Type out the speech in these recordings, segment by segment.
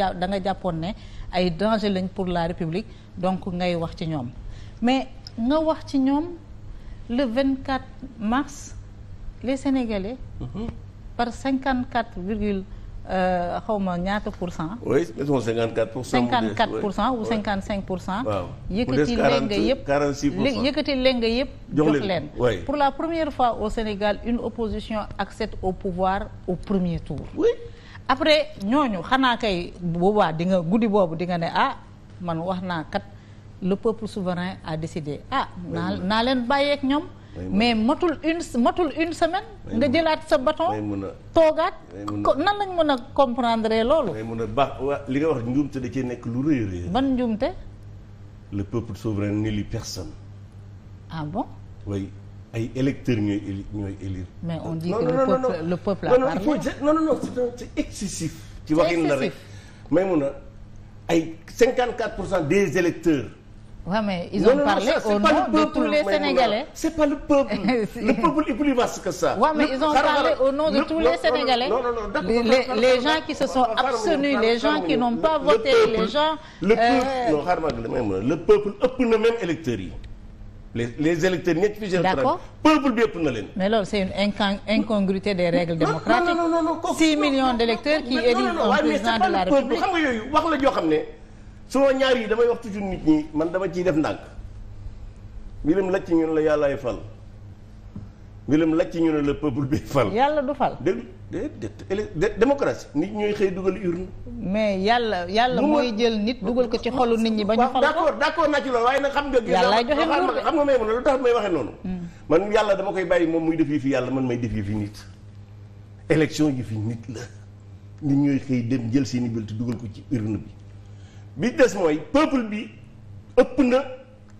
ja da nga jàppoon ne ay danger lañ pour la république donc ngay wax ci ñoom mais nga wax ci ñoom le 24 mars les sénégalais. Mhm. par 54 virgule euh, xaw ma ñaata pour cent. oui pour cent. pour cent ou pour cent. waaw yëkkati lenga yëpp 46 pour cent yëkkati lenga yëpp. jox leen pour la première fois au Sénégal une opposition accède au pouvoir au premier tour. Oui. après ñooñu xanaa kay boobaa di nga guddi boobu di nga ne ah man wax naa kat le peuple souverain a décidé ah naa naa leen bàyyeek ñoom mais matul une matul une semaine nga jëlaat sa bâton toogaat nan lañ mën a comprendre loolu mën baax li nga wax njuumte da cee nekk lu rëy rëy ban njuumte le peuple souverain n'élit personne ah bon ay électeurs ñooy éli ñooy élire. mais on dit que le peuple le peuple a parlé. non non non c'est excessif. ci waxin la rek mais mun na ay 54 pour cent des électeurs. waaw mais ils ont parlé au nom de tous les Sénégalais. c'est pas le peuple le peuple est plus vaste que ça. waaw mais ils ont parlé au nom de tous les Sénégalais. non non non les les gens qui se sont abstenus les gens qui n'ont pas voté les gens. le euh, peuple non xaaral maa ngi lay may le peuple ëpp na même électeurs yi. les les électeurs ñett fi jël peuple bi yëpp na leen. mais loolu c'est une incongruité des règles démocratiques. non non non non 6 millions d'électeurs qui élisent un président de la République. xam nga yooyu wax la joo xam ne. soo ñaar yi damay wax toujours nit ñi man dama ciy def ndànk. mbirum lacc ñun la yàllaay fal. nga dem laaj ci ñu ne le peuple bi fal. yàlla du fal dégg nga démocratie nit ñooy xëy dugal urne. mais yàlla yàlla mooy jël nit dugal ko ci xolu nit ñi ba ñu. fal ko d'accord d'accord naa ci loolu waaye nag xam nga. yàlla joxe nguur de xam nga may ma lu tax may waxee noonu. Hmm. man yàlla dama koy bàyyi moom muy def yi fi yàlla man may def yi fi nit. élection yi fi nit la nit ñooy xëy dem jël seeni bulletin dugal ko ci urne bi bi des mooy peuple bi ëpp na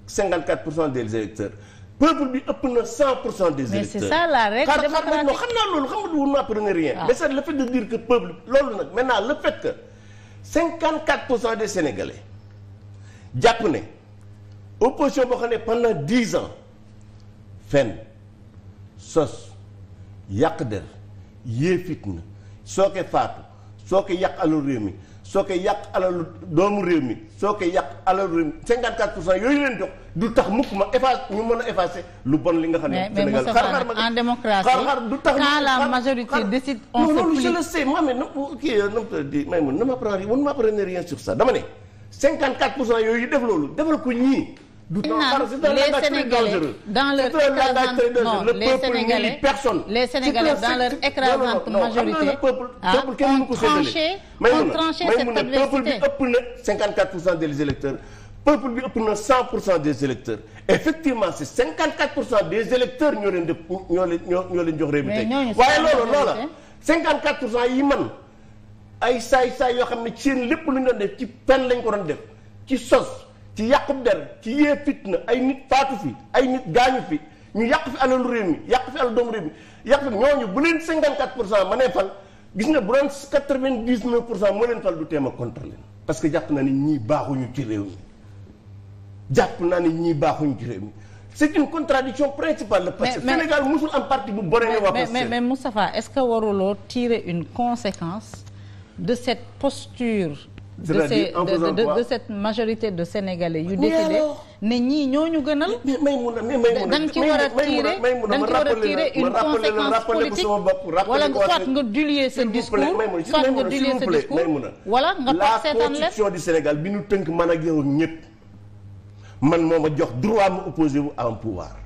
54 pour cent peuple bi ëpp na 100 pour cent des électeurs mais c'est ça xam naa loolu xam nga vous n'apprenez rien. Ah. mais c'est le fait de dire que peuple loolu nag maintenant le fait que 54 pour cent des sénégalais jàpp ne opposition boo xam ne pendant 10 ans fen sos yàq der yee soo ko faatu soo ko yàq alalu réew mi. soo koy yàq alalu doomu réew mi soo koy yàq alalu réew mi 54 pour cent yooyu leen jox du tax mukk ma efface ñu mën a effacer lu bon li nga xam ne. Sénégal xar-xar ma en démocratie xar-xar du tax. quand la majorité décide on se plie. non non je le sais moi mais kii euh, na ma euh, di may mun ne m'apprenez rien sur dama ne 54 pour cent yooyu def loolu defal ko ñii. du naan les Sénégalais dans leur écrasante non les Sénégalais personne les Sénégalais dans leur écrasante majorité ah ont tranché ont tranché cette adversité peuple bi ëpp na 54 pour cent des électeurs peuple bi ëpp na 100 pour cent des électeurs effectivement c'est 54 pour cent des électeurs ñoo leen di ñoo leen ñoo leen jox réew mi tey waaye loolu loola 54 pour cent yi man ay saay saay yoo xam ne ci lépp lu ñu doon def ci pen lañ ko doon def ci sos. ci yàqub der ci yee na ay nit faatu fi ay nit gaañu fi ñu yàq fi alalu réew mi yàq fi alalu doomu réew mi yàq fi ñooñu bu leen 54 pour cent ma nee fal gis na bu doon 99 pour cent moo leen fal du teem a contre leen parce que jàpp naa ne ñii baaxuñu ci réew mi jàpp naa ne ñii baaxuñu ci réew mi c'est une contradiction principale. parce que Sénégal musul am parti bu boree waa Pastef mais mais Moustapha est-ce que waruloo tirer une conséquence de cette posture. c'est-à-dire en faisant quoi de cette majorité de sénégalais yu décidé ne ñii ñoo ñu gënal. mais may mun a mais may mun a ci war a tirer a tirer une conséquence politique wala nga soit nga diluer sa discours soit nga diluer sa discours wala nga toog seetaan leen la constitution du bi ñu tënk man ak yow ñëpp man moo ma jox droit ma opposé wu à un pouvoir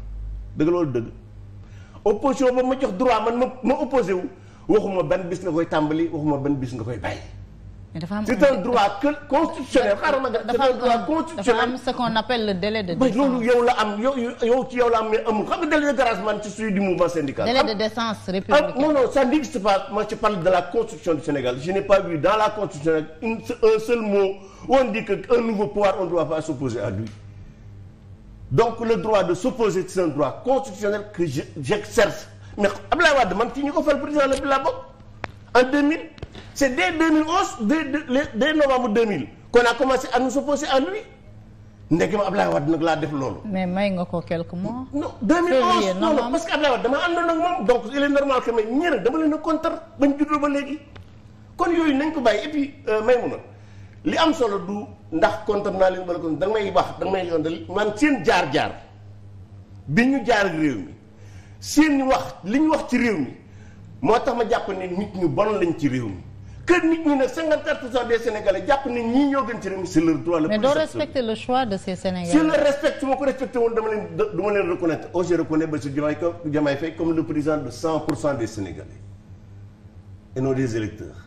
dëgg loolu dëgg opposition boobu ma jox droit man ma ma opposé wu waxuma ban bis nga koy tàmbali waxuma ban bis nga koy bay dafa am c'est un droit constitutionnel xaaral ma dafa am droit constitutionnel dafa am ce qu'on appelle le délai de décence loolu yow la am yow ci yow la am mais amul xam délai de grâce man ci suivi du mouvement syndical. délai de décence républicaine non non ça n'existe pas moi je parle de la constitution du Sénégal je n'ai pas vu dans la constitution un seul mot on dit que un nouveau pouvoir on ne pas s'opposer à lui donc le droit de s'opposer c'est un droit constitutionnel que j'exerce mais man ci ñu ko fal C'est dès 2011 dès dès novembre 2000 kon a commencé à nous opposer à lui ndeke ma Ablaye Wade nag laa def loolu. mais may nga ko quelques mois. non 2011 non non parce que Ablaye Wade am àndoon ak moom donc il est normal que mais ñeneen dama leen a contre ba léegi. kon yooyu nañ ko bàyyi et may mu a li am solo du ndax contre naa leen wala contre da nga may wax da nga may yondal man seen jaar-jaar bi ñu jaar réew mi seen wax li ñu wax ci réew mi moo tax ma jàpp ne nit ñu bon lañ ci réew mi. que nit ñi ne 54 pour cent des sénégalais jàpp ne ñii ñoo gën ci réew mi c'est leur droit. le mais doo respecter le choix de ces si le respecte su ma ko respecté woon du ma leen reconnaître oh je reconnais Bassirou Diomaye Faye comme le président de 100 et non des électeurs.